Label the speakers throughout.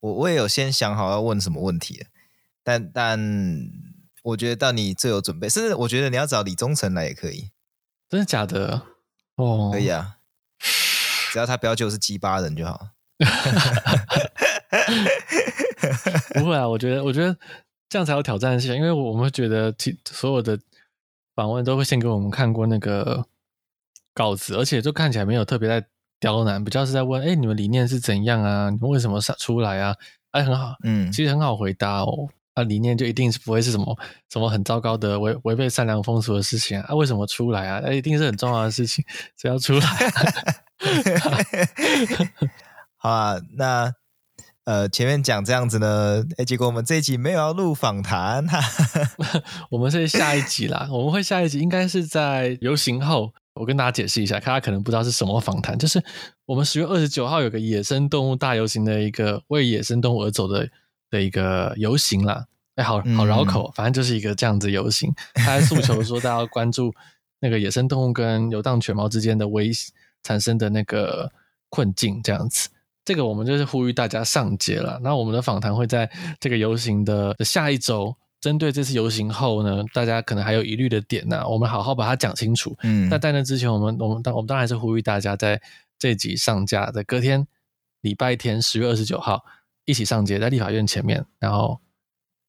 Speaker 1: 我我也有先想好要問什麼問題了，但但我覺得到你最有準備，甚至我覺得你要找李宗盛來也可以，真的假的？
Speaker 2: 哦，可以啊，
Speaker 1: 只要他不要就是雞巴人就好
Speaker 2: 不會啊，我覺得我覺得這樣才有挑戰性，因為我們覺得其所有的訪問都會先給我們看過那個稿子，而且就看起來沒有特別在。刁難，不就是在問：哎、欸，你們理念是怎樣啊？你們為什麼出來啊？哎、欸，很好，嗯，其實很好回答哦。啊，理念就一定是不會是什麼什麼很糟糕的違違背善良風俗的事情啊。啊，為什麼出來啊？啊、欸，一定是很重要的事情，
Speaker 1: 只要出來。 好啊，那呃，前面講這樣子呢，哎、欸，結果我們這一集沒有要錄訪談哈，我們是下一集啦， 我們會下一集應該是在遊行後。我跟大家解釋
Speaker 2: 一下，大家可能不知道是什麼訪談，就是我們十月二十九號有個野生動物大遊行的一個為野生動物而走的的一個遊行啦。哎、欸，好好繞口，嗯、反正就是一個這樣子遊行，他還訴求說大家要關注那個野生動物跟遊蕩犬貓之間的危險產生的那個困境這樣子。這個我們就是呼籲大家上街了。那我們的訪談會在這個遊行的下一周。針對這次遊行後呢，大家可能還有疑慮的點呢、啊，我們好好把它講清楚。嗯，那在那之前我，我們我們當我們當然是呼籲大家在這集上架，在隔天禮拜天十月二十九
Speaker 1: 號一起上街，在立法院前面，然後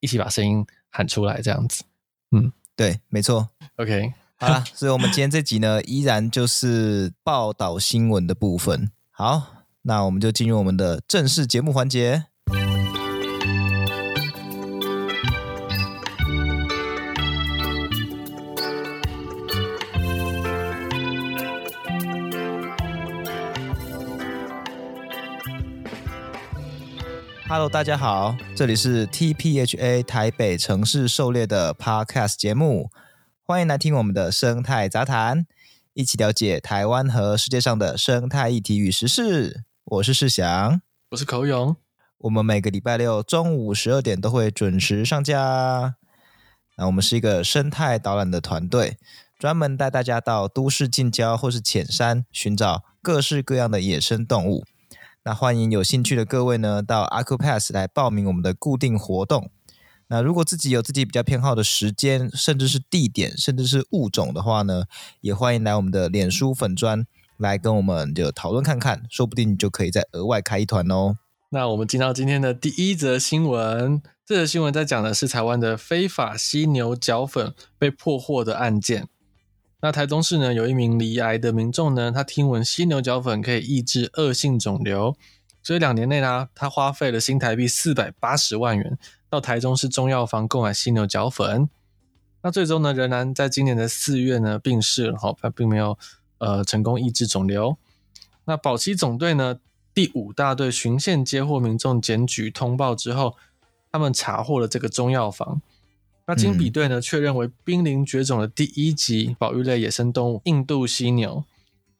Speaker 1: 一起把聲音喊出來，這樣子。嗯，對，沒錯。OK，好啦，所以我們今天這集呢， 依然就是報道新聞的部分。好，那我們就進入我們的正式節目環節。Hello，大家好，這裡是 TPHA 台北城市狩獵的 Podcast 節目，歡迎來聽我們的生態雜談，一起了解台灣和世界上的生態議題與時事。我是世祥，我是口勇，我們每個禮拜六中午十二點都會準時上架。那我們是一個生態導覽的團隊，專門帶大家到都市近郊或是淺山，尋找各式各樣的野生動物。那歡迎有興趣的各位呢，到 Accupass 來報名我們的固定活動。那如果自己有自己比較偏好的時間，甚至是地點，甚至是物種的話呢，也歡迎來我們的臉書粉專來跟我們就討論看看，說不定你就可以再額外開一團哦。
Speaker 2: 那我們進到今天的第一則新聞，這則新聞在講的是台灣的非法犀牛角粉被破獲的案件。那台中市呢，有一名罹癌的民眾呢，他聽聞犀牛角粉可以抑制惡性腫瘤，所以兩年內啊，他花費了新台幣四百八十萬元到台中市中藥房購買犀牛角粉。那最終呢，仍然在今年的四月呢病逝了，好，他並沒有呃成功抑制腫瘤。那保七總隊呢，第五大隊巡線接獲民眾檢舉通報之後，他們查獲了這個中藥房。那經比對呢，確認為瀕臨絕種的第一級保育類野生動物印度犀牛。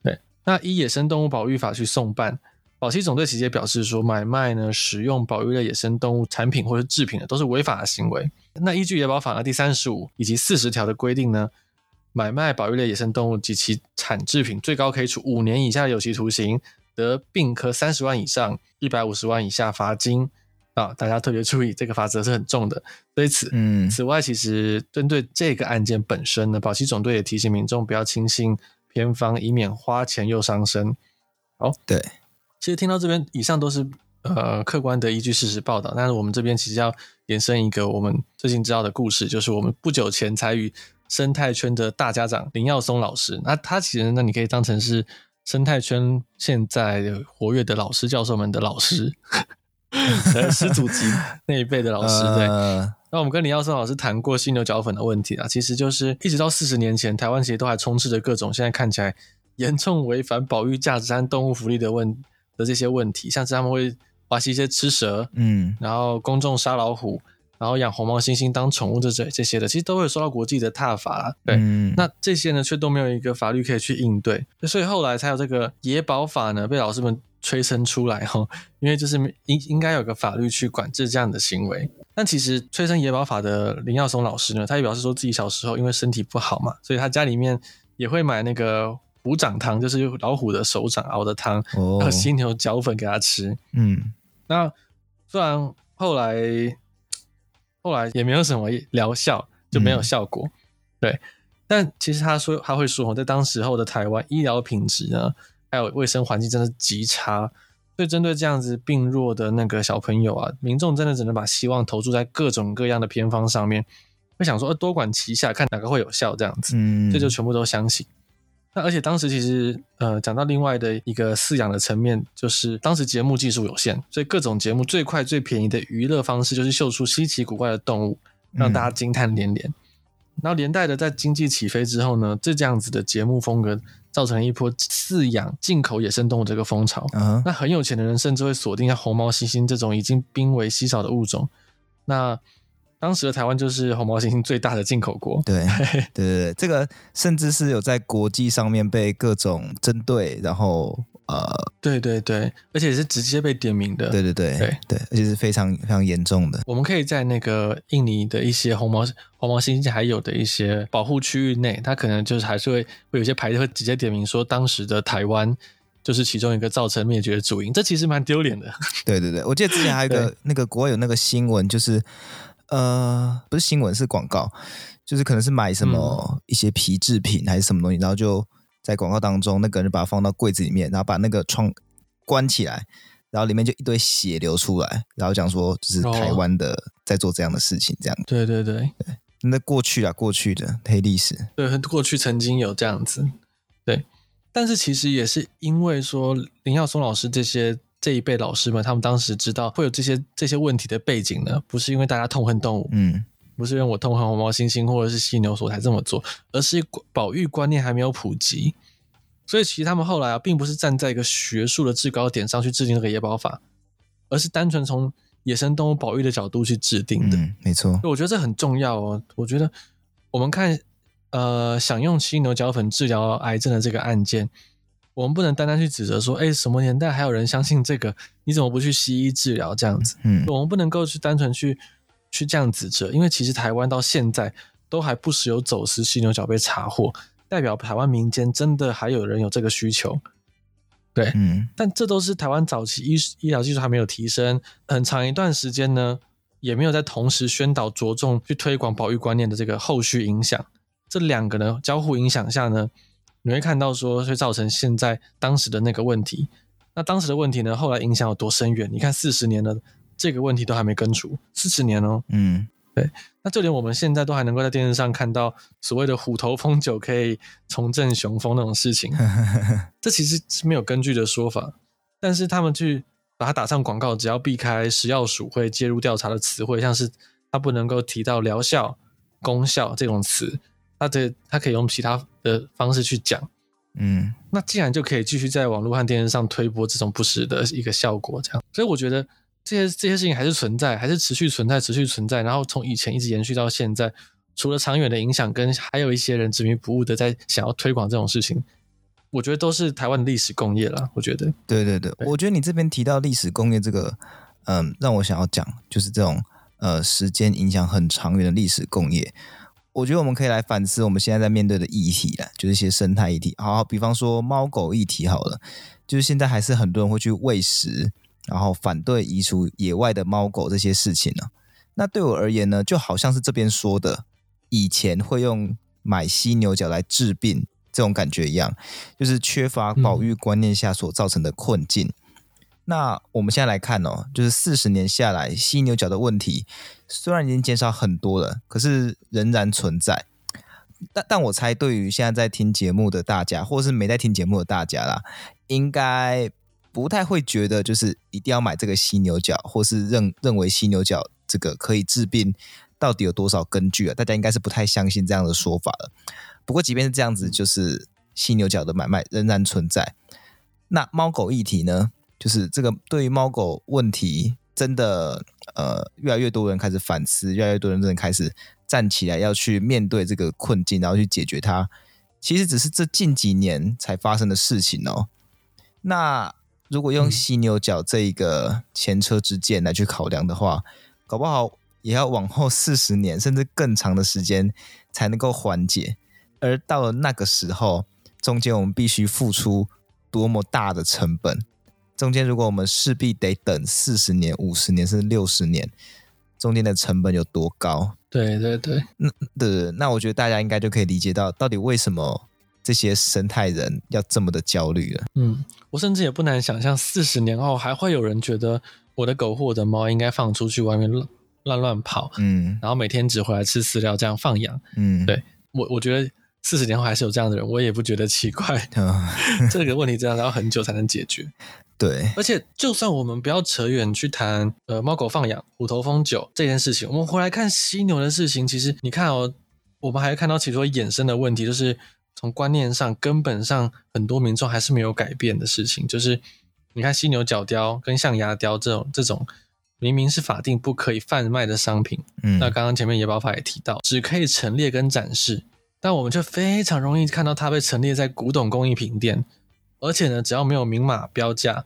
Speaker 2: 對，那依《野生動物保育法》去送辦，保七總隊直接表示說，買賣呢，使用保育類野生動物產品或是製品的，都是違法的行為。嗯、那依據《野保法》的第三十五以及四十條的規定呢，買賣保育類野生動物及其產製品，最高可以處五年以下的有期徒刑，得併科三十萬以上一百五十萬以下罰金。啊、哦！大家特別注意，這個法則是很重的。對此，嗯，此外，其實針對這個案件本身呢，保七總隊也提醒民眾不要輕信偏方，以免花錢又傷身。好，對，其實聽到這邊，以上都是呃客觀的依據事實報道。但是我們這邊其實要延伸一個我們最近知道的故事，就是我們不久前才與生態圈的大家長林耀松老師，那他其實那你可以當成是生態圈現在活躍的老師教授們的老師。嗯 師祖級那一輩的老師對，uh、那我們跟林耀森老師談過犀牛角粉的問題啊，其實就是一直到四十年前，台灣其實都還充斥着各種現在看起來嚴重違反保育價值、動物福利的問的這些問題，像是他們會發起一些吃蛇，嗯，然後公眾殺老虎，然後養紅毛猩猩當寵物這這這些的，其實都會受到國際的撻伐，對，嗯、那這些呢卻都沒有一個法律可以去應對，所以後來才有這個野保法呢，被老師們。催生出來哈、哦，因為就是應應該有個法律去管制這樣的行為。但其實催生野保法的林耀松老師呢，他也表示說自己小時候因為身體不好嘛，所以他家裡面也會買那個虎掌湯，就是用老虎的手掌熬的湯、哦、和犀牛角粉給他吃。嗯，那雖然後來後來也沒有什麼療效，就沒有效果。嗯、對，但其實他說他會說，在當時候的台灣醫療品質呢。還有衛生環境真的極差，所以針對這樣子病弱的那個小朋友啊，民眾真的只能把希望投注在各種各樣的偏方上面，會想說多管齊下，看哪個會有效這樣子，這就全部都相信。嗯、那而且當時其實呃，講到另外的一個飼養的層面，就是當時節目技術有限，所以各種節目最快最便宜的娛樂方式就是秀出稀奇古怪的動物，讓大家驚嘆連連。嗯、然後連帶的在經濟起飛之後呢，這這樣子的節目風格。造成一波飼養進口野生動物這個風潮，uh huh. 那很有錢的人甚至會鎖定像紅毛猩猩這種已經瀕危稀少的物種。那當時的台灣就是紅毛猩猩最大
Speaker 1: 的進口國。對對對，對， 這個甚至是有在國際上面被各種針對，然後。啊，呃、對對對，而且是直接被點名的，對對對，對對，而且是非常非常嚴重的。
Speaker 2: 我們可以在那個印尼的一些紅毛紅毛猩猩還有的一些保護區域內，它可能就是還是會會有些牌子會直接點名說當時的台灣就是其中一個造成滅絕的主因，這其實蠻丟臉的。對對對，我記得之前還有個
Speaker 1: 對那個國外有那個新聞，就是呃，不是新聞是廣告，就是可能是買什麼一些皮製品還是什麼東西，嗯、然後就。在廣告當中，那個人就把它放到櫃子裡面，然後把那個窗關起來，然後裡面就一堆血流出來，然後講說就是台灣的在做這樣的事情，這樣、哦。對對對對，那過去啊，過去的黑歷史。
Speaker 2: 對，過去曾經有這樣子。對，但是其實也是因為說林耀松老師這些這一輩老師們，他們當時知道會有這些這些問題的背景呢，不是因為大家痛恨動物，嗯。不是因為我痛恨紅毛猩猩或者是犀牛所才這麼做，而是保育觀念還沒有普及，所以其實他們後來啊，並不是站在一個學術的制高點上去制定這個野保法，而是單純從野生動物保育的角度去制定的。嗯，沒錯，我覺得這很重要哦。我覺得我們看，呃，想用犀牛角粉治療癌症的這個案件，我們不能單單去指責說，哎，欸，什麼年代還有人相信這個？你怎麼不去西醫治療？這樣子，嗯，我們不能夠去單純去，去這樣指責，因為其實台灣到現在都還不時有走私犀牛角被查獲，代表台灣民間真的還有人有這個需求，對，嗯，但這都是台灣早期醫醫療技術還沒有提升，很長一段時間呢，也沒有在同時宣導着重去推廣保育觀念的這個後續影響。這兩個呢交互影響下呢，你會看到說，會造成現在當時的那個問題。那當時的問題呢，後來影響有多深遠？你看四十年的。這個問題都還沒根除四十年哦。嗯，對，那就連我們現在都還能夠在電視上看到所謂的“虎頭蜂酒”可以重振雄風那種事情，這其實是沒有根據的說法。但是他們去把它打上廣告，只要避開食藥署會介入調查的詞彙，像是它不能夠提到療效、功效這種詞，它這它可以用其他的方式去講。
Speaker 1: 嗯，
Speaker 2: 那既然就可以繼續在網絡和電視上推播這種不實的一個效果，這樣，所以我覺得。這些這些事情還是存在，還是持續存在，持續存在。然後從以前一直延續到現在，除了長遠的影響，跟還有一些人執迷不悟的在想要推廣這種事情，我覺得都是台灣的歷史共業了。我覺得，
Speaker 1: 對對對，對我覺得你這邊提到歷史共業這個，嗯，讓我想要講，就是這種呃時間影響很長遠的歷史共業。我覺得我們可以來反思我們現在在面對的議題了，就是一些生態議題。好、啊，比方說貓狗議題好了，就是現在還是很多人會去餵食。然後反對移除野外的貓狗這些事情呢、哦？那對我而言呢，就好像是這邊說的，以前會用買犀牛角來治病這種感覺一樣，就是缺乏保育觀念下所造成的困境。嗯、那我們現在來看哦，就是四十年下來，犀牛角的問題雖然已經減少很多了，可是仍然存在。但但我猜，對於現在在聽節目的大家，或是沒在聽節目的大家啦，應該。不太會覺得，就是一定要買這個犀牛角，或是認認為犀牛角這個可以治病，到底有多少根據啊？大家應該是不太相信這樣的說法了。不過，即便是這樣子，就是犀牛角的買賣仍然存在。那貓狗議題呢？就是這個對於貓狗問題，真的呃，越來越多人開始反思，越來越多人真的開始站起來要去面對這個困境，然後去解決它。其實只是這近幾年才發生的事情哦。那。如果用犀牛角這一個前車之鑑來去考量的話，搞不好也要往後四十年甚至更長的時間才能夠緩解。而到了那個時候，中間我們必須付出多麼大的成本？中間如果我們勢必得等四十年、五十年甚至六十年，中間的成本有多高？對對對，那的，那我覺得大家應該就可以理解到，到底為什麼。這些生態人要這麼的焦慮了。嗯，
Speaker 2: 我甚至也不難想象，四十年後還會有人覺得我的狗或我的貓應該放出去外面亂亂亂跑。嗯，然後每天只回來吃飼料，這樣放養。嗯，對，我我覺得四十年後還是有這樣的人，我也不覺得奇怪。
Speaker 1: 哦、
Speaker 2: 這個問題真的要很久才能解決。對，而且就算我們不要扯遠去談呃貓狗放養、虎頭蜂酒這件事情，我們回來看犀牛的事情，其實你看哦，我們還看到許多衍生的問題，就是。從觀念上，根本上，很多民眾還是沒有改變的事情，就是你看犀牛角雕跟象牙雕這種這種，明明是法定不可以販賣的商品，嗯，那剛剛前面野保法也提到，只可以陳列跟展示，但我們卻非常容易看到它被陳列在古董工藝品店，而且呢，只要沒有明碼標價，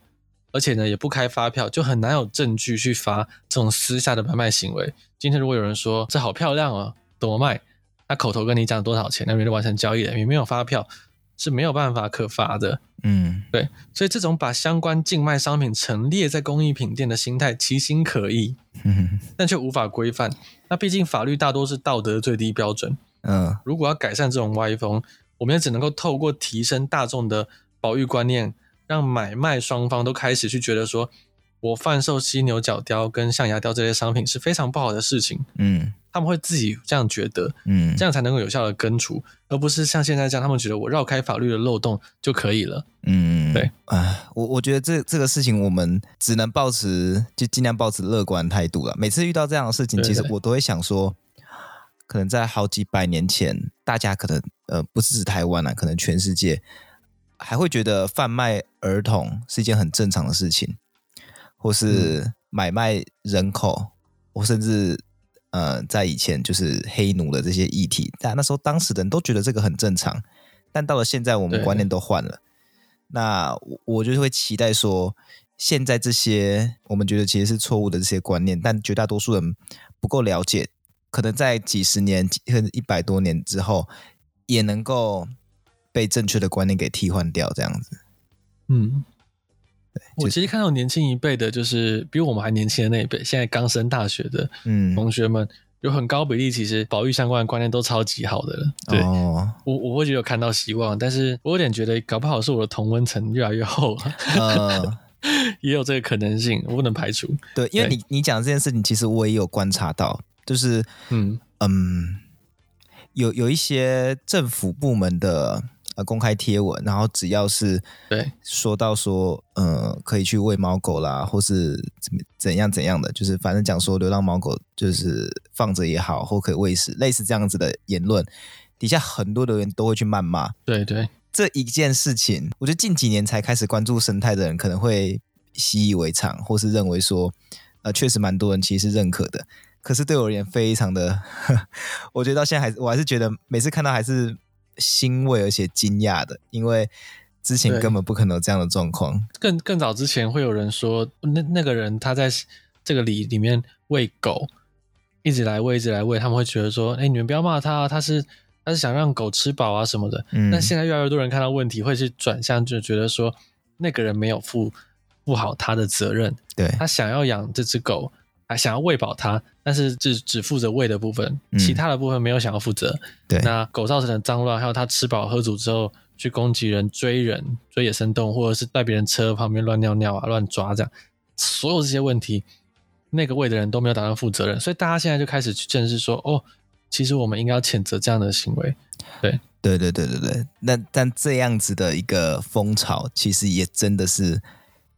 Speaker 2: 而且呢，也不開發票，就很難有證據去罰這種私下的買賣行為。今天如果有人說這好漂亮哦，怎麼賣？他口頭跟你講多少錢，那你就完成交易了，也沒有發票，是沒有辦法可罰的。嗯，對，所以這種把相關競賣商品陳列在工藝品店的心態，其心可誅，但卻無法規範。那畢竟法律大多是道德最低標準。嗯，哦，如果要改善這種歪風，我們也只能夠透過提升大眾的保育觀念，讓買賣雙方都開始去覺得說，我販售犀牛角雕跟象牙雕這些商品是非常不好的事情。嗯，他們會自己這樣覺得，嗯，這樣才能夠有效的根除，而不是像現在這樣，他們覺得我繞開法律的漏洞就可以
Speaker 1: 了。嗯，對啊，我我覺得這這個事情我們只能抱持就儘量抱持樂觀態度了。每次遇到這樣的事情，對對對，其實我都會想說，可能在好幾百年前，大家可能呃不是指台灣啊，可能全世界還會覺得販賣兒童是一件很正常的事情。或是買賣人口，我、嗯、甚至呃，在以前就是黑奴的這些議題，但那時候當時的人都覺得這個很正常，但到了現在，我們觀念都換了。對耶 那我就是會期待說，現在這些我們覺得其實是錯誤的這些觀念，但絕大多數人不夠了解，可能在幾十年、一百多年之後，也能夠被正確的觀念給替換掉，這樣子。
Speaker 2: 嗯。我其實看到年輕一輩的，就是比我們還年輕的那一輩，現在剛升大學的，嗯，同學們有、嗯、很高比例，其實保育相關的觀念都超級好的了。對、哦、我我會覺得有看到希望，但是我有點覺得，搞不好是我的同溫層越來越厚了、啊，嗯、 也有這個可能性，我不能排除。對，對因為你
Speaker 1: 你講這件事情，其實我也有觀察到，就是嗯嗯，有有一些政府部門的。公開貼文，然後只要是，對，說到說，對呃，可以去餵貓狗啦，或是怎麼怎樣怎樣的，就是反正講說流浪貓狗就是放着也好，或可以餵食，類似這樣子的言論，底下很多留言都會去謾罵。對對，這一件事情，我覺得近幾年才開始關注生態的人，可能會習以為常，或是認為說，呃，確實蠻多人其實是認可的。可是對我而言，非常的，我覺得到現在還是，我還是覺得每次看到還是。欣慰而且驚訝的，因為之前根本不可能有這樣的狀況。
Speaker 2: 更更早之前會有人說，那那個人他在這個里裡面餵狗，一直來餵，一直來餵，他們會覺得說，哎、欸，你們不要罵他啊，他是他是想讓狗吃飽啊什麼的。嗯，但現在越來越多人看到問題，會去轉向，就覺得說，那個人沒有負負好他的責任，對，他想要養這隻狗。還想要餵飽它，但是就只只負責餵的部分，嗯、其他的部分沒有想要負責。對，那狗造成的髒亂，還有它吃飽喝足之後去攻擊人、追人、追野生動物，或者是帶別人車旁邊亂尿尿啊、亂抓這樣，所有這些問題，那個餵的人都沒有打算負責任，所以大家現在就開始去正視說，哦，其實我們應該要譴
Speaker 1: 責這樣的行為。對，對，對，對，對，對。那但這樣子的一個風潮，其實也真的是。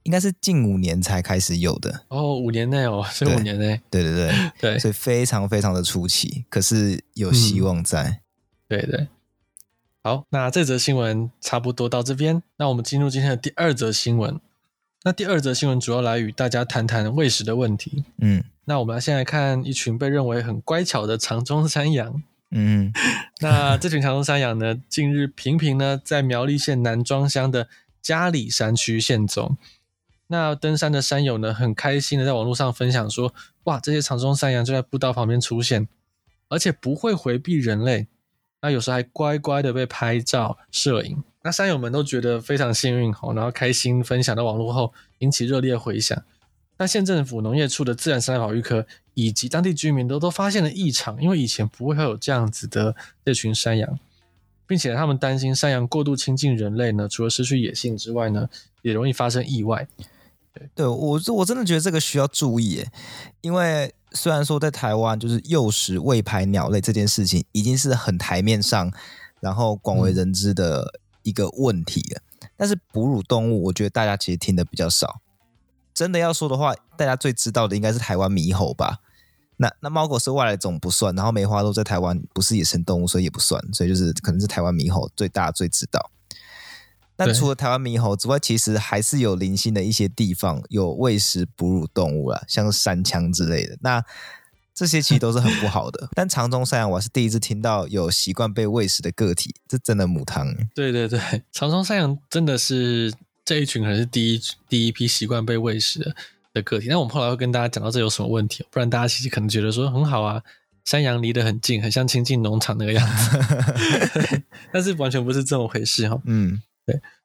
Speaker 1: 應該是近五年才開始有的哦，五年內哦，所以五年內，對對對 對，所以非常非常的初期，可是有希望在、嗯，對
Speaker 2: 對。好，那這則新聞差不多到這邊，那我們進入今天的第二則新聞。那第二則新聞主要來與大家談談餵食的問題。嗯，那我們來先來看一群被認為很乖巧的長鬃山羊。
Speaker 1: 嗯，
Speaker 2: 那這群長鬃山羊呢，近日頻頻呢在苗栗縣南莊鄉的嘉里山區現蹤。那登山的山友呢，很開心的在網絡上分享說：“哇，這些長鬃山羊就在步道旁邊出現，而且不會回避人類，那有時候還乖乖的被拍照攝影。”那山友們都覺得非常幸運哦，然後開心分享到網絡後，引起熱烈的回響。那縣政府農業處的自然生態保育科以及當地居民都都發現了異常，因為以前不會有這樣子的這群山羊，並且他們擔心山羊過度親近人類呢，除了失去野性之外呢，也容易發生意外。
Speaker 1: 對，我我真的覺得這個需要注意耶，因為雖然說在台灣就是誘食餵拍鳥類這件事情已經是很台面上，然後廣為人知的一個問題了，嗯、但是哺乳動物我覺得大家其實聽的比較少。真的要說的話，大家最知道的應該是台灣獼猴吧？那那貓狗是外來種不算，然後梅花鹿在台灣不是野生動物，所以也不算，所以就是可能是台灣獼猴最大最知道。但除了台灣獼猴之外，其實還是有零星的一些地方有餵食哺乳動物啊，像山羌之類的。那這些其實都是很不好的。 但長鬃山羊我是第一次聽到有習慣被餵食的個體，這真的母湯、欸。
Speaker 2: 對對對，長鬃山羊真的是這一群可能是第一第一批習慣被餵食的，的個體。那我們後來會跟大家講到這有什麼問題，不然大家其實可能覺得說很好啊，山羊離得很近，很像清境農場那個樣子。 但是完全不是這麼回事哈。嗯。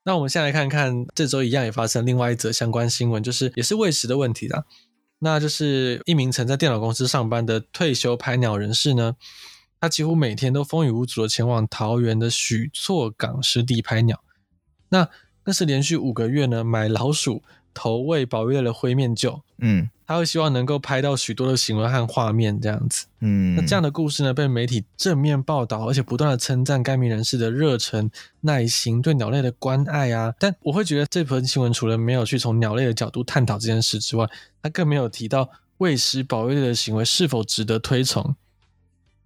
Speaker 2: 那我們先來看看這周一樣也發生另外一則相關新聞，就是也是餵食的問題啦。那就是一名曾在電腦公司上班的退休拍鳥人士呢，他幾乎每天都風雨無阻的前往桃園的許厝港濕地拍鳥。那更是連續五個月呢，買老鼠。投餵保育類的灰面鷲，嗯，他會希望能夠拍到許多的行為和畫面這樣子，嗯，那這樣的故事呢，被媒體正面報道，而且不斷的稱讚該名人士的熱忱、耐心，對鳥類的關愛啊，但我會覺得這篇新聞除了沒有去從鳥類的角度探討這件事之外，它更沒有提到
Speaker 1: 餵食保育類的行為是否值得推崇，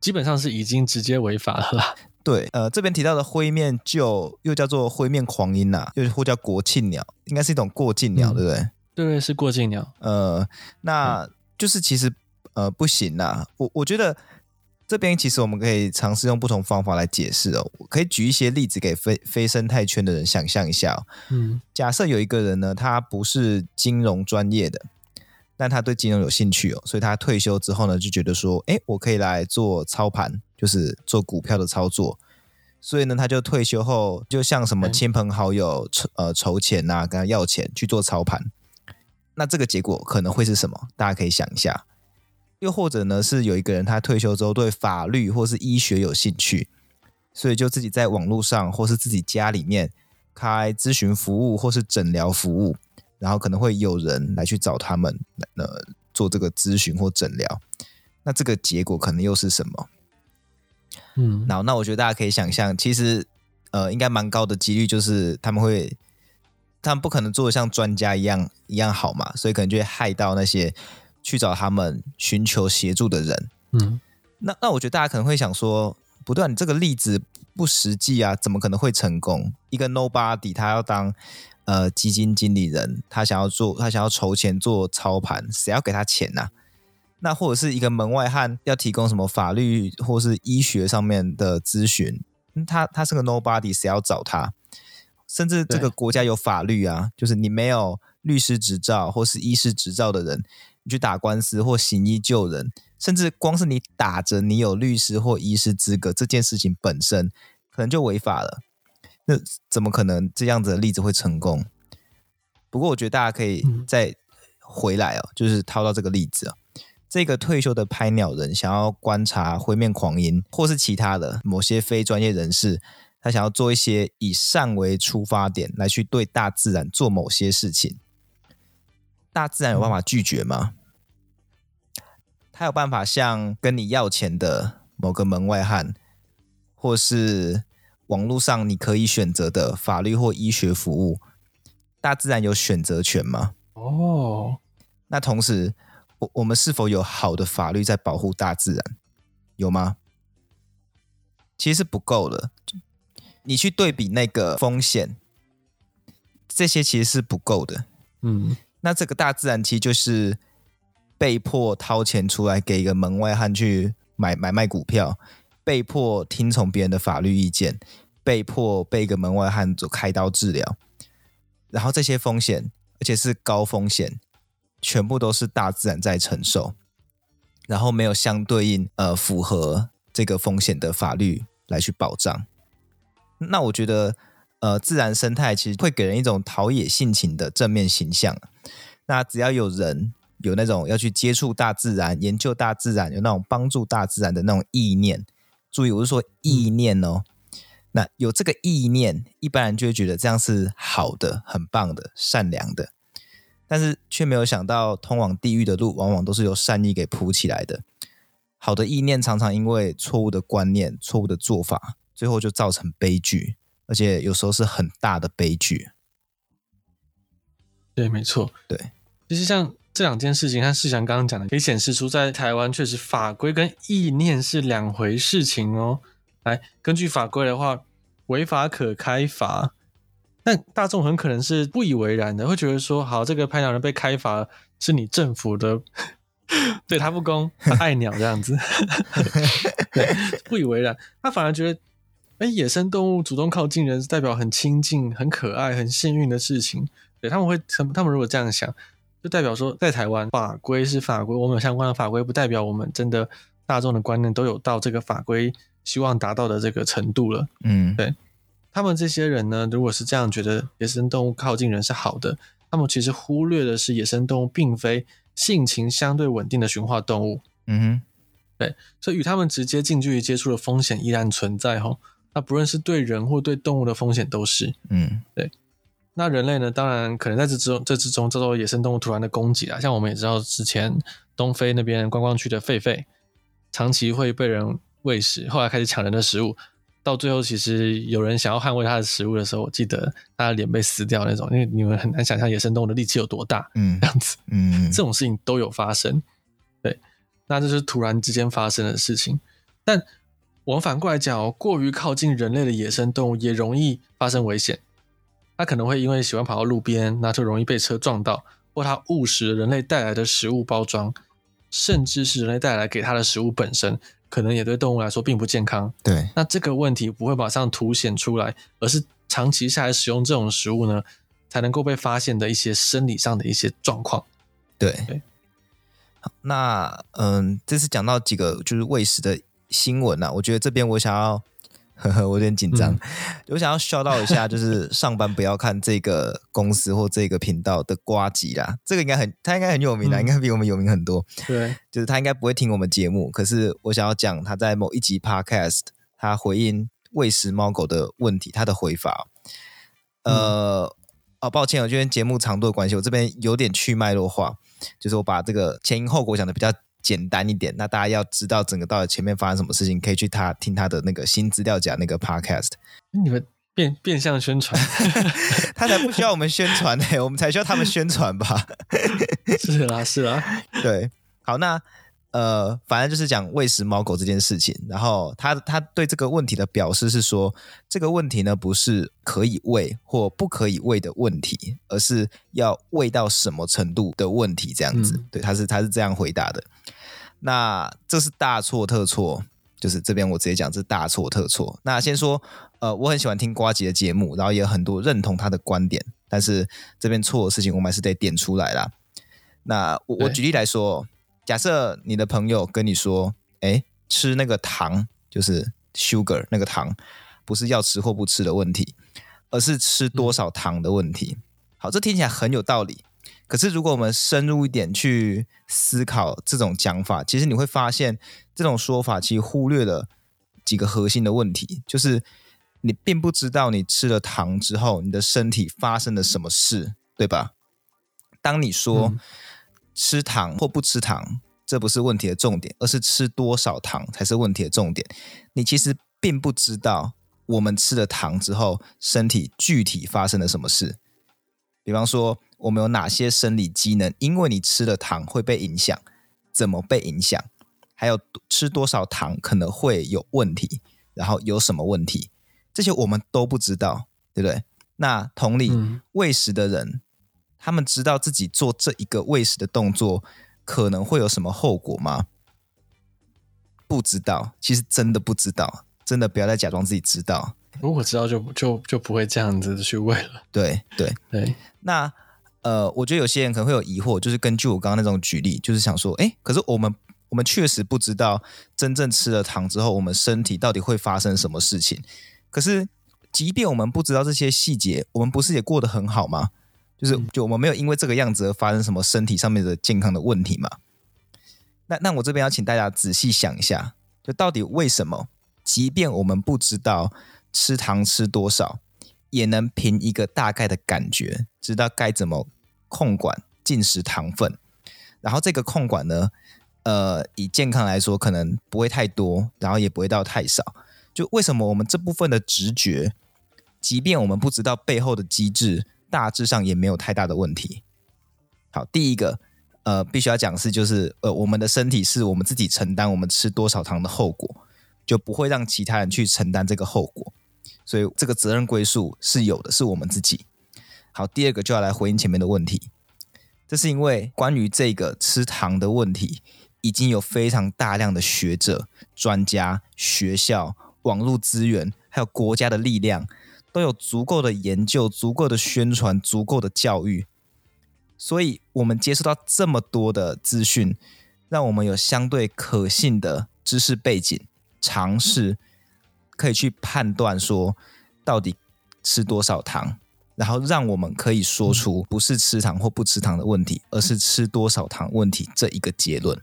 Speaker 1: 基本上是已經直接違法了啦。對，呃，這邊提到的灰面鷲又叫做灰面鵟鷹吶，啊，又或者叫國慶鳥，應該是一種過境鳥，嗯、對不對？對對，是過境鳥。呃，那就是其實，呃，不行啦，我我覺得這邊其實我們可以嘗試用不同方法來解釋哦。我可以舉一些例子給非非生態圈的人想象一下、哦、嗯，假設有一個人呢，他不是金融專業的。但他對金融有興趣哦，所以他退休之後呢，就覺得說，哎，我可以來做操盤，就是做股票的操作。所以呢，他就退休後，就向什麼親朋好友籌呃籌錢啊，跟他要錢去做操盤。那這個結果可能會是什麼？大家可以想一下。又或者呢，是有一個人他退休之後對法律或是醫學有興趣，所以就自己在網絡上或是自己家裡面開諮詢服務或是診療服務。然後可能會有人來去找他們，呃，做這個諮詢或診療，那這個結果可能又是什麼？嗯，然後那我覺得大家可以想象，其實呃，應該蠻高的幾率就是他們會，他們不可能做得像專家一樣一樣好嘛，所以可能就會害到那些去找他們尋求協助的人。嗯，那那我覺得大家可能會想說，不對啊，你這個例子不實際啊，怎麼可能會成功？一個 nobody 他要當。呃，基金經理人他想要做，他想要籌錢做操盤，誰要給他錢呢、啊？那或者是一個門外漢要提供什麼法律或是醫學上面的諮詢，他他是個 nobody，誰要找他？甚至這個國家有法律啊，對就是你沒有律師執照或是醫師執照的人，你去打官司或行醫救人，甚至光是你打着你有律師或醫師資格這件事情本身，可能就違法了。怎麼可能這樣子的例子會成功？不過我覺得大家可以再回來哦、啊，嗯、就是套到這個例子啊。這個退休的拍鳥人想要觀察灰面鵟鷹，或是其他的某些非專業人士，他想要做一些以善為出發點來去對大自然做某些事情。大自然有辦法拒絕嗎？嗯、他有辦法向跟你要錢的某個門外漢，或是？網絡上你可以選擇的法律或醫學服務，大自然有選擇權嗎？哦，oh。那同時，我我們是否有好的法律在保護大自然？有嗎？其實是不夠的。你去對比那個風險，這些其實是不夠的。嗯、mm-hmm。那這個大自然其實就是被迫掏錢出來給一個門外漢去買買賣股票，被迫聽從別人的法律意見，被迫被一個門外漢做開刀治療，然後這些風險，而且是高風險，全部都是大自然在承受，然後沒有相對應呃符合這個風險的法律來去保障。那我覺得呃自然生態其實會給人一種陶冶性情的正面形象。那只要有人有那種要去接觸大自然、研究大自然、有那種幫助大自然的那種意念。注意，我是說意念哦。嗯、那有這個意念，一般人就會覺得這樣是好的、很棒的、善良的。但是卻沒有想到，通往地獄的路往往都是由善意給鋪起來的。好的意念常常因為錯誤的觀念、錯誤的做法，最後就造成悲劇，而且有時候是很大的悲劇。對，沒錯，對，就
Speaker 2: 是像。這兩件事情，像世祥剛剛講的，可以顯示出在台灣確實法規跟意念是兩回事情哦。來，根據法規的話，違法可開罰，但大眾很可能是不以為然的，會覺得說：好，這個拍鳥人被開罰，是你政府的 對他不公，他愛鳥這樣子， 不以為然。他反而覺得，哎、欸，野生動物主動靠近人，是代表很親近、很可愛、很幸運的事情。對，他們會，他們如果這樣想。就代表說，在台灣法規是法規，我們有相關的法規，不代表我們真的大眾的觀念都有到這個法規希望達到的這個程度了。嗯，對他們這些人呢，如果是這樣覺得野生動物靠近人是好的，他們其實忽略的是野生動物並非性情相對穩定的馴化動物。
Speaker 1: 嗯
Speaker 2: 哼，對，所以與他們直接近距離接觸的風險依然存在哈。那不論是對人或對動物的風險都是。嗯，對。那人類呢？當然可能在這之中，這之中遭到野生動物突然的攻擊啊。像我們也知道之前東非那邊觀光區的狒狒，長期會被人餵食，後來開始搶人的食物，到最後其實有人想要捍衛他的食物的時候，我記得他的臉被撕掉那種，因為你們很難想象野生動物的力氣有多大，嗯，這樣子，嗯，這種事情都有發生，對，那這是突然之間發生的事情，但我們反過來講哦，過於靠近人類的野生動物也容易發生危險。它可能會因為喜歡跑到路邊，那就容易被車撞到，或它誤食人類帶來的食物包裝，甚至是人類帶來給它的食物本身，可能也對動物來說並不健康。對，那這個問題不會馬上凸顯出來，而是長期下來使用這種食物呢，才能夠被發現的一些生理上的一些狀況。
Speaker 1: 對。好，對，那嗯，這次講到幾個就是餵食的新聞呢啊，我覺得這邊我想要。呵呵， 我有點緊張。我想要 shout out 一下，就是上班不要看這個公司或這個頻道的呱吉啦。這個應該很，他應該很有名的，應該比我們有名很多。對，就是他應該不會聽我們節目。可是我想要講他在某一集 Podcast，他回應餵食貓狗的問題，他的回法。呃，嗯、哦，抱歉，我這邊節目長度的關係，我這邊有點去脈絡化，就是我把這個前因後果講的比較。簡單一點，那大家要知道整個到底前面發生什麼事情，可以去他聽他的那個新資料夾那個 podcast。你們變變相宣傳， 他才不需要我們宣傳呢、欸， 我們才需要他們宣傳吧。 是？是啦是啦，對，好那。呃，反正就是講餵食貓狗這件事情，然後他他對這個問題的表示是說，這個問題呢，不是可以餵或不可以餵的問題，而是要餵到什麼程度的問題，這樣子。嗯、對，他是他是這樣回答的。那這是大錯特錯，就是這邊我直接講是大錯特錯。那先說，呃，我很喜歡聽呱吉的節目，然後也有很多認同他的觀點，但是這邊錯的事情我們還是得點出來啦。那我我舉例來說。欸假設你的朋友跟你說：“哎，吃那個糖，就是 sugar 那個糖，不是要吃或不吃的問題，而是吃多少糖的問題。嗯”好，這聽起來很有道理。可是如果我們深入一點去思考這種講法，其實你會發現，這種說法其實忽略了幾個核心的問題，就是你並不知道你吃了糖之後，你的身體發生了什麼事，對吧？當你說，嗯吃糖或不吃糖，這不是問題的重點，而是吃多少糖才是問題的重點。你其實並不知道，我們吃了糖之後，身體具體發生了什麼事。比方說，我們有哪些生理機能，因為你吃了糖會被影響，怎麼被影響，還有吃多少糖可能會有問題，然後有什麼問題，這些我們都不知道，對不對？那同理，嗯、餵食的人。他們知道自己做這一個餵食的動作可能會有什麼後果嗎？不知道，其實真的不知道，真的不要再假裝自己知道。
Speaker 2: 如果知道就就就不會這樣子去餵了。對對對。對對，
Speaker 1: 那呃，我覺得有些人可能會有疑惑，就是根據我剛剛那種舉例，就是想說，哎，可是我們我們確實不知道真正吃了糖之後，我們身體到底會發生什麼事情。可是，即便我們不知道這些細節，我們不是也過得很好嗎？就是，就我們沒有因為這個樣子而發生什麼身體上面的健康的問題嘛。那？那那我這邊要請大家仔細想一下，就到底為什麼，即便我們不知道吃糖吃多少，也能憑一個大概的感覺知道該怎麼控管進食糖分。然後這個控管呢，呃，以健康來說，可能不會太多，然後也不會到太少。就為什麼我們這部分的直覺，即便我們不知道背後的機制？大致上也沒有太大的問題。好，第一個，呃，必須要講的是，就是，呃，我們的身體是我們自己承擔，我們吃多少糖的後果，就不會讓其他人去承擔這個後果，所以這個責任歸屬是有的，是我們自己。好，第二個就要來回應前面的問題，這是因為關於這個吃糖的問題，已經有非常大量的學者、專家、學校、網絡資源，還有國家的力量。都有足夠的研究、足夠的宣傳、足夠的教育，所以我們接受到這麼多的資訊，讓我們有相對可信的知識背景，嘗試可以去判斷說到底吃多少糖，然後讓我們可以說出不是吃糖或不吃糖的問題，而是吃多少糖問題這一個結論。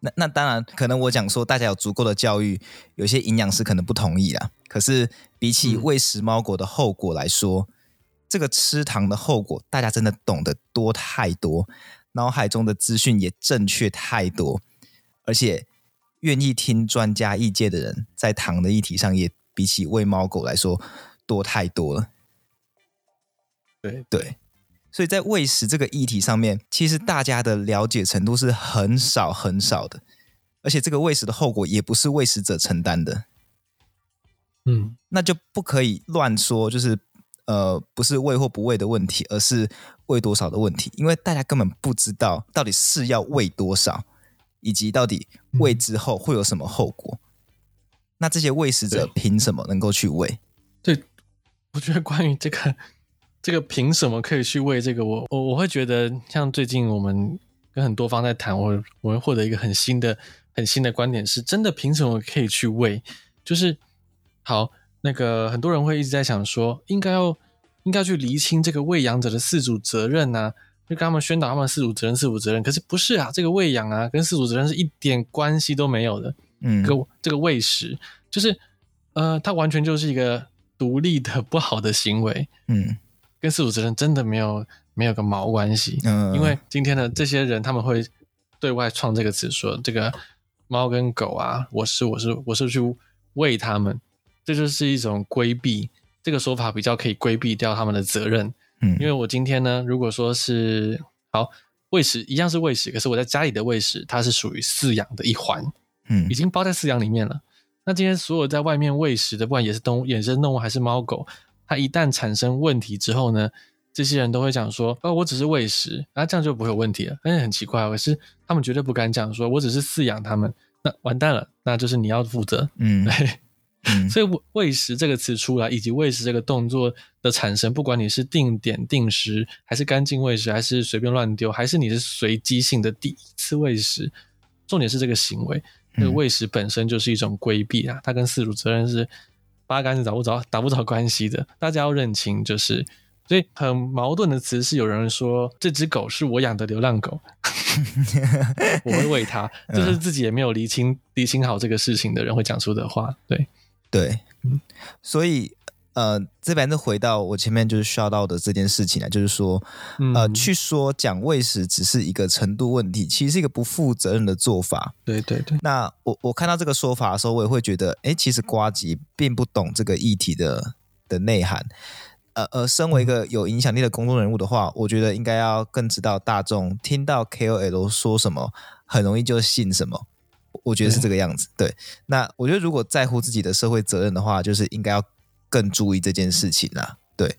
Speaker 1: 那那當然，可能我講說大家有足夠的教育，有些營養師可能不同意啊，可是比起餵食貓狗的後果來說，嗯、這個吃糖的後果，大家真的懂得多太多，腦海中的資訊也正確太多，而且願意聽專家意見的人，在糖的議題上，也比起餵貓狗來說多太多了。對對。對所以在餵食這個議題上面，其實大家的了解程度是很少很少的，而且這個餵食的後果也不是餵食者承擔的。嗯，那就不可以亂說，就是呃，不是餵或不餵的問題，而是餵多少的問題，因為大家根本不知道到底是要餵多少，以及到底餵之後會有什麼後果。嗯。那這些餵食者憑什麼能夠去餵？
Speaker 2: 對，我覺得關於這個。這個憑什麼可以去餵？這個我我我會覺得，像最近我們跟很多方在談，我我會獲得一個很新的、很新的觀點是：真的憑什麼可以去餵？就是好，那個很多人會一直在想說，應該要應該要去釐清這個餵養者的飼主責任啊，就跟他們宣導他們飼主責任、飼主責任。可是不是啊，這個餵養啊，跟飼主責任是一點關係都沒有的。嗯，跟這個餵食就是呃，它完全就是一個獨立的不好的行為。
Speaker 1: 嗯。
Speaker 2: 跟飼主責任真的沒有沒有個毛關係，嗯，uh, 因為今天的這些人他們會對外創這個詞，說這個貓跟狗啊，我是我是我是去餵它們，這就是一種規避，這個說法比較可以規避掉他們的責任，嗯，因為我今天呢，如果說是好餵食一樣是餵食，可是我在家裡的餵食它是屬於飼養的一環，嗯，已經包在飼養裡面了，那今天所有在外面餵食的，不管也是動物野生動物還是貓狗。他一旦產生問題之後呢，這些人都會講說：“哦，我只是餵食，那、啊、這樣就不會有問題了。”但是很奇怪，可是他們絕對不敢講說“我只是飼養他們”，那完蛋了，那就是你要負責。嗯，對嗯，所以“餵食”這個詞出來，以及“餵食”這個動作的產生，不管你是定點定時，還是乾淨餵食，還是隨便亂丟，還是你是隨機性的第一次餵食，重點是這個行為，那個餵食本身就是一種規避啊，它跟飼主責任是。八竿子打不着，打不着關係的，大家要認清，就是所以很矛盾的詞是，有人說這隻狗是我養的流浪狗， 我會餵它， 嗯、就是自己也沒有釐清釐清好這個事情的人會講出的話，
Speaker 1: 對對，所以。呃，這邊就回到我前面就是說到的這件事情啊，就是說，嗯、呃，去說講餵食只是一個程度問題，其實是一個不負責任的做法。對對對。那我我看到這個說法的時候，我也會覺得，哎，其實瓜吉並不懂這個議題的的內涵。呃，而身為一個有影響力的公眾人物的話，嗯、我覺得應該要更知道大眾聽到 KOL 說什麼，很容易就信什麼。我覺得是這個樣子。嗯、對。那我覺得如果在乎自己的社會責任的話，就是應該要更注意這件事情啊，對，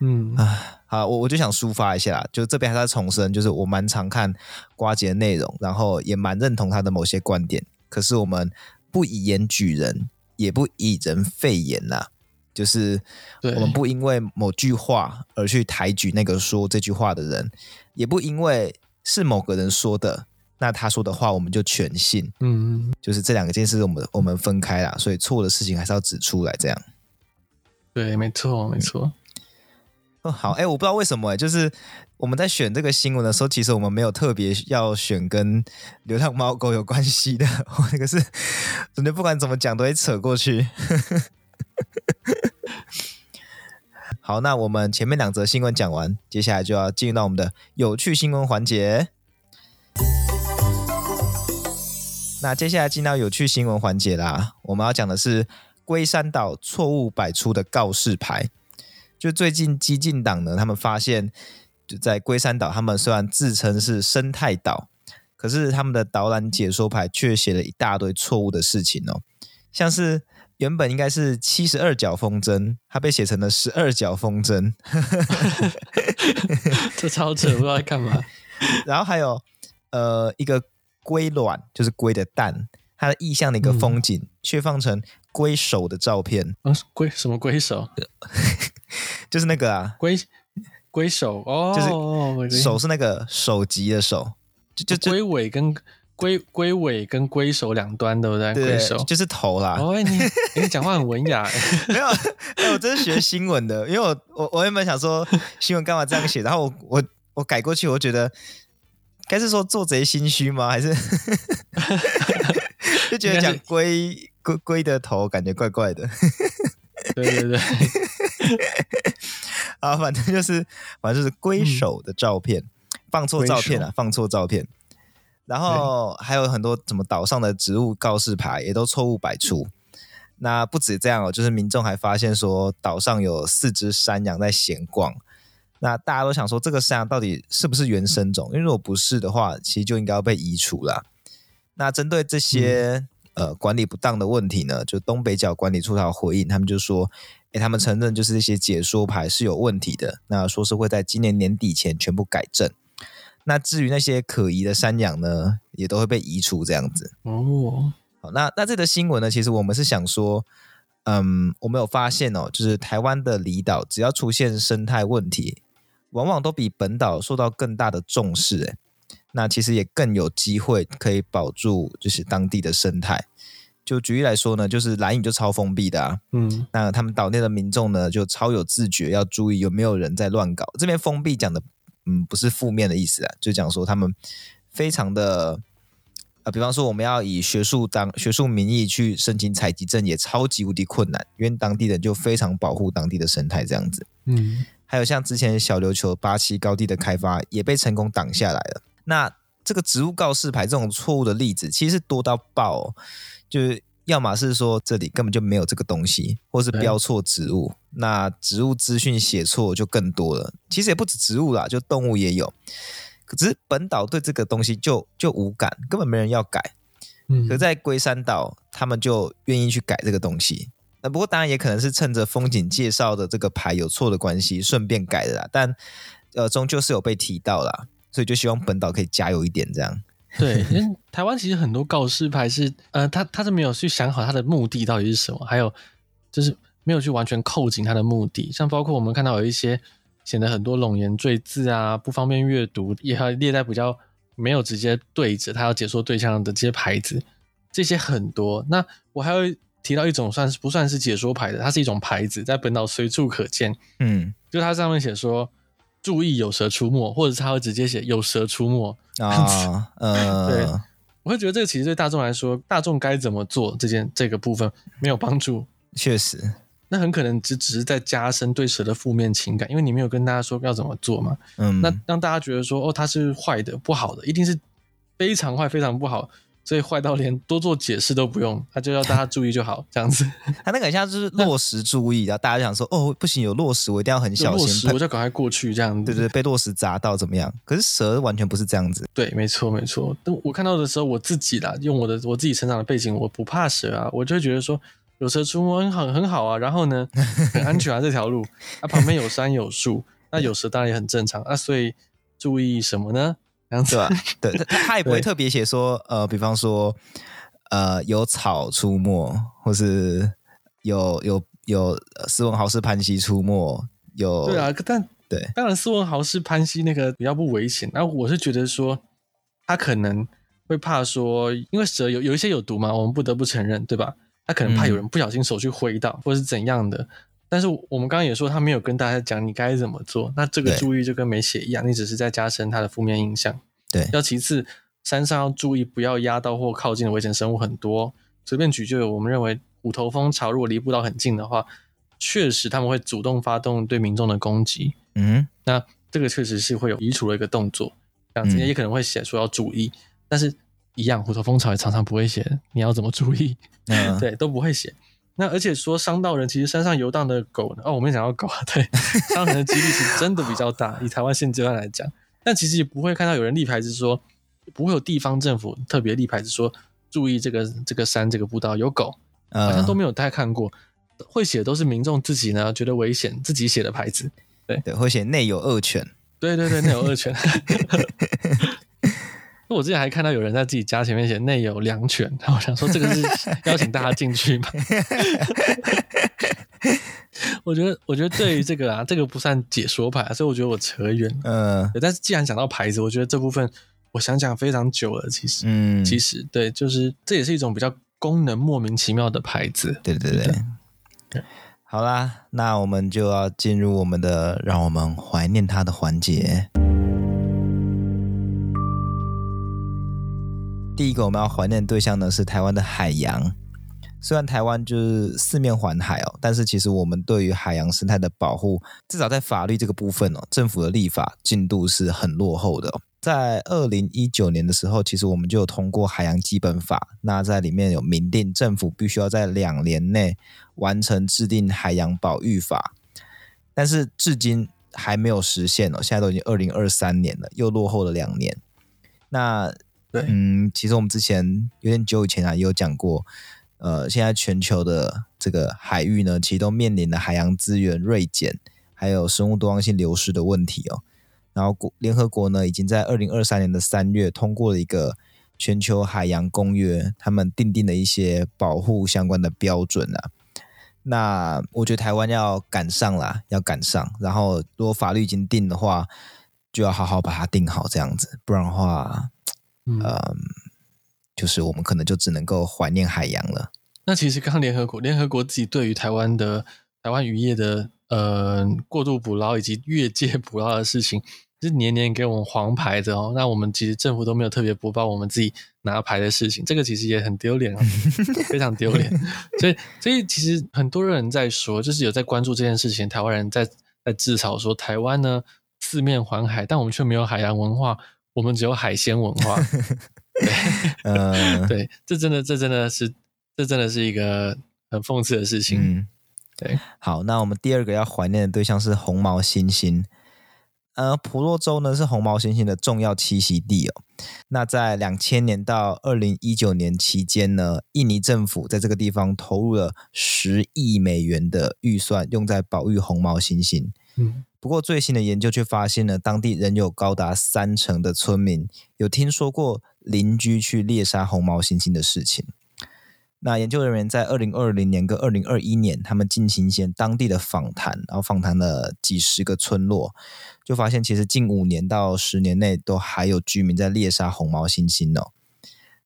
Speaker 1: 嗯啊，好，我我就想抒發一下，就這邊還是在重申，就是我蠻常看瓜姐的內容，然後也蠻認同他的某些觀點。可是我們不以言舉人，也不以人廢言吶，就是我們不因為某句話而去抬舉那個說這句話的人，也不因為是某個人說的，那他說的話我們就全信，嗯，就是這兩個件事我們我們分開了，所以錯的事情還是要指出來，這樣。對，沒錯，沒錯。哦，好，哎、欸，我不知道為什麼、欸，哎，就是我們在選這個新聞的時候，其實我們沒有特別要選跟流浪貓狗有關係的，我那個是真的不管怎麼講都會扯過去。 好，那我們前面兩則新聞講完，接下來就要進入到我們的有趣新聞環節。那接下來進到有趣新聞環節啦，我們要講的是。龜山島錯誤百出的告示牌，就最近激進黨呢，他們發現就在龜山島，他們雖然自稱是生態島，可是他們的導覽解說牌卻寫了一大堆錯誤的事情哦，像是原本應該是七十二角風箏，它被寫成了十二角風箏，這超扯，不知道在幹嘛。 然後還有呃，一個龜卵，就是龜的蛋。他的意象的一個風景，卻、嗯、放成龜首的照片。啊，龜什麼龜首？ 就是那個啊，龜龜首哦，就是哦，首是那個首級的首，就就龜尾
Speaker 2: 跟龜龜尾跟龜首兩端，都在。對？龜首就是頭啦。哦，欸、
Speaker 1: 你、欸、你講話很文雅、欸， 沒有、欸，我這是學新聞的，因為我我我原本想說新聞幹嘛這樣寫， 然後我我我改過去，我覺得該是說做賊心虛嗎？還是？ 就覺得講龜龜龜的頭感覺怪怪的，對對對，啊， 反正就是反正就是龜首的照片、嗯、放錯照片了、啊，首放錯照片，然後還有很多什麼島上的植物告示牌也都錯誤百出。嗯、那不止這樣哦，就是民眾還發現說島上有四隻山羊在閒逛，那大家都想說這個山羊到底是不是原生種？因為如果不是的話，其實就應該要被移除了。那針對這些、嗯、呃管理不當的問題呢，就東北角管理處他的回應，他們就說，誒他們承認就是這些解說牌是有問題的，那說是會在今年年底前全部改正。那至於那些可疑的山羊呢，也都會被移除這樣子。哦，好，那那這個新聞呢，其實我們是想說，嗯，我們有發現哦，就是台灣的離島只要出現生態問題，往往都比本島受到更大的重視、欸，那其實也更有機會可以保住，就是當地的生態。就舉例來說呢，就是蘭嶼就超封閉的啊，嗯，那他們島內的民眾呢就超有自覺，要注意有沒有人在亂搞。這邊封閉講的，嗯，不是負面的意思啊，就講說他們非常的，呃，比方說我們要以學術當學術名義去申請採集證也超級無敵困難，因為當地人就非常保護當地的生態這樣子。嗯，還有像之前小琉球八七高地的開發也被成功擋下來了。那這個植物告示牌這種錯誤的例子，其實多到爆喔，就是要麼是說這裡根本就沒有這個東西，或是標錯植物。嗯。那植物資訊寫錯就更多了，其實也不止植物啦，就動物也有。可是本島對這個東西就就無感，根本沒人要改。可在龜山島，他們就願意去改這個東西。那不過當然也可能是趁着風景介紹的這個牌有錯的關係，順便改的啦。但呃，終究是有被提到啦。所以就希望本島可以加油一點，這樣。對，
Speaker 2: 因為台灣其實很多告示牌是，呃，他他是沒有去想好他的目的到底是什麼，還有就是沒有去完全扣緊他的目的。像包括我們看到有一些顯得很多冗言贅字啊，不方便閱讀，也還列在比較沒有直接對着他要解說對象的這些牌子，這些很多。那我還會提到一種算是不算是解說牌的，它是一種牌子，在本島隨處可見。嗯，就它上面寫說。注意有蛇出沒，或者他會直接寫有蛇出沒
Speaker 1: 啊。嗯、
Speaker 2: 哦，呃、 對，我會覺得這個其實對大眾來說，大眾該怎麼做這件這個部分沒有幫助。確實，那很可能只只是在加深對蛇的負面情感，因為你沒有跟大家說要怎麼做嘛。嗯，那讓大家覺得說哦，它是壞的、不好的，一定是非常壞、非常不好。所以壞到連多做解釋都不用，他、啊、就要大家注意就好， 這樣子。
Speaker 1: 他那個很像就是落石注意，那然後大家就想說，哦，不行，有落石我一定要很小心。落石我就趕快過去，這樣子。對，對對，被落石砸到怎麼樣？可是蛇完全不是這樣子。對，沒錯沒錯。但我
Speaker 2: 看到的時候，我自己啦，用我的我自己成長的背景，我不怕蛇啊，我就會覺得說有蛇出沒很好很好啊，然後呢很安全啊， 這條路啊旁邊有山有樹，那有蛇當然也很正常啊，所以注意什麼呢？子吧？對他也不會特
Speaker 1: 別寫說，對呃，比方說，呃，有草出沒，或是有有有斯文豪氏攀蜥出沒，有對啊，但對，
Speaker 2: 當然斯文豪氏攀蜥那個比較不危險。那我是覺得說，他可能會怕說，因為蛇有有一些有毒嘛，我們不得不承認，對吧？他可能怕有人不小心手去揮到，嗯、或是怎樣的。但是我們剛才也說，他沒有跟大家講你該怎麼做，那這個注意就跟沒寫一樣，你對只是在加深他的負面印象。對，要其次，山上要注意不要壓到或靠近的危險生物很多。隨便舉就有，我們認為虎頭蜂巢如果離步道很近的話，確實他們會主動發動對民眾的攻擊。嗯，那這個確實是會有移除的一個動作。像今天也可能會寫說要注意，嗯、但是一樣虎頭蜂巢也常常不會寫你要怎麼注意，嗯、 對，都不會寫。那而且說傷到人，其實山上遊蕩的狗呢？哦，我沒想到狗啊，對，傷人的幾率是真的比較大。 以台灣現階段來講，但其實也不會看到有人立牌子說，不會有地方政府特別立牌子說注意這個這個山這個步道有狗，嗯、好像都沒有太看過。會寫的都是民眾自己呢覺得危險自己寫的牌子，對對，會寫內有惡犬，對對對，內有惡犬。 我之前還看到有人在自己家前面寫“內有良犬”，我想說這個是邀請大家進去嗎？ 我覺得，我覺得對於這個啊，這個不算解說牌啊，所以我覺得我扯遠。嗯、呃，但是既然講到牌子，我覺得這部分我想講非常久了，其實，嗯，其實對，就是這也是一種比較功能莫名其妙的牌子。對，對對對，對。
Speaker 1: 好啦，那我們就要進入我們的讓我們懷念它的環節。第一個我們要懷念的對象呢，是台灣的海洋。雖然台灣就是四面環海哦，但是其實我們對於海洋生態的保護，至少在法律這個部分哦，政府的立法進度是很落後的哦。在二零一九年的時候，其實我們就有通過海洋基本法，那在裡面有明定政府必須要在兩年內完成制定海洋保育法，但是至今還沒有實現哦。現在都已經二零二三年了，又落後了兩年。那對嗯，其實我們之前有點久以前啊，也有講過，呃，現在全球的這個海域呢，其實都面臨了海洋資源銳減，還有生物多樣性流失的問題哦。然後，國，聯合國呢，已經在二零二三年的三月通過了一個全球海洋公約，他們訂定了一些保護相關的標準啊。那我覺得台灣要趕上啦，要趕上。然後，如果法律已經定的話，就要好好把它定好，這樣子，不然的話。嗯，嗯，就是我們可能就只能夠懷念海洋了。
Speaker 2: 那其實剛聯合國，聯合國自己對於台灣的台灣漁業的嗯、呃，過度捕撈以及越界捕撈的事情，就是年年給我們黃牌的哦。那我們其實政府都沒有特別播報我們自己拿牌的事情，這個其實也很丟臉啊， 非常丟臉。所以，所以其實很多人在說，就是有在關注這件事情，台灣人在在自嘲說台，台灣呢四面環海，但我們卻沒有海洋文化。我們只有海鮮文化，對，呃，
Speaker 1: 對，這真的，這真的是，這真的是一個很諷刺的事情。嗯、對，好，那我們第二個要懷念的對象是紅毛猩猩。呃，婆羅洲呢是紅毛猩猩的重要棲息地哦。那在兩千年到二零一九年期間呢，印尼政府在這個地方投入了十億美元的預算，用在保育紅毛猩猩。嗯。不過最新的研究卻發現呢，當地仍有高達三成的村民有聽說過鄰居去獵殺紅毛猩猩的事情。那研究人員在二零二零年跟二零二一年，他們進行一些當地的訪談，然後訪談了幾十個村落，就發現其實近五年到十年內都還有居民在獵殺紅毛猩猩哦。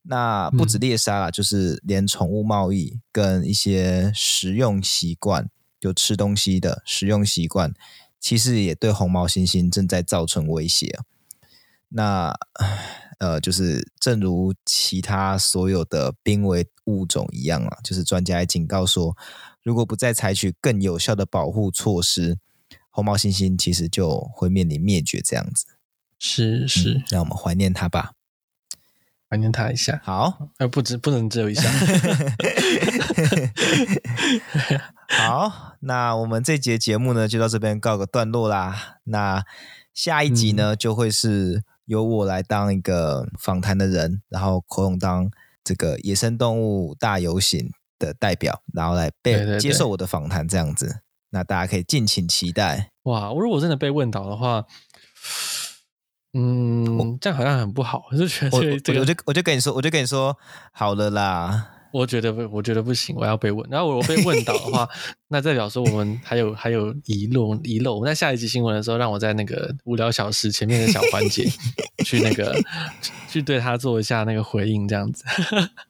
Speaker 1: 那不止獵殺啦，嗯、就是連寵物貿易跟一些食用習慣，就吃東西的食用習慣，其實也對紅毛猩猩正在造成威脅。那。呃，就是正如其他所有的瀕危物種一樣啊，就是專家也警告說，如果不再採取更有效的保護措施，紅毛猩猩其實就會面臨滅絕。這樣子是是，讓、嗯、我們懷念他吧，懷念他一下。好，呃，不止不能只有一下。 好，那我們這節節目呢，就到這邊告個段落啦。那下一集呢，嗯、就會是。由我來當一個訪談的人，然後恐龍當這個野生動物大遊行的代表，然後來被接受我的訪談這樣子，對對對，那大家可以敬請期待。
Speaker 2: 哇，我如果真的被問倒的話，嗯，這樣好像很不好，我就覺得我就我就跟你說，我就跟你說，好了啦。我覺得不，我覺得不行，我要被問。然後我,我被問倒的話， 那代表說我們還有還有遺漏遺漏。我們在下一集新聞的時候，讓我在那個無聊小事前面的小環節去那個 去,去對他做一下那個回應，這樣子。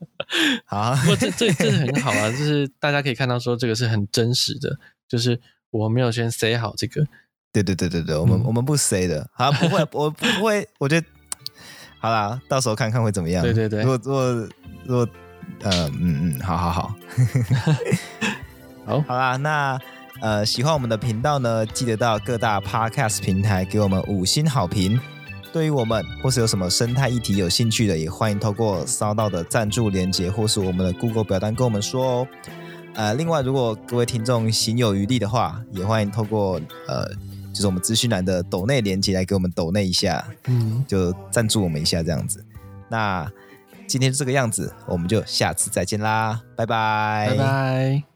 Speaker 2: 好啊，不過這這這很好啊，就是大家可以看到說這個是很真實的，就是我沒有先 say 好這個。對對對對對，我們、嗯、我
Speaker 1: 們不 say 的，好、啊，不會，我不會，我覺得好啦，到時候看看會怎麼樣。對對對，我,我,我。呃嗯嗯，好好好， oh. 好啦。那呃，喜歡我們的頻道呢，記得到各大 Podcast 平台給我們五星好評。對於我們或是有什麼生態議題有興趣的，也歡迎透過 SoundOn 的贊助連接或是我們的 Google 表單跟我們說哦。呃，另外，如果各位聽眾行有餘力的話，也歡迎透過呃，就是我們資訊欄的抖內連接來給我們抖內一下，嗯、mm，hmm. 就贊助我們一下這樣子。那。今天是這個樣子，我們就下次再見啦，拜拜，拜拜。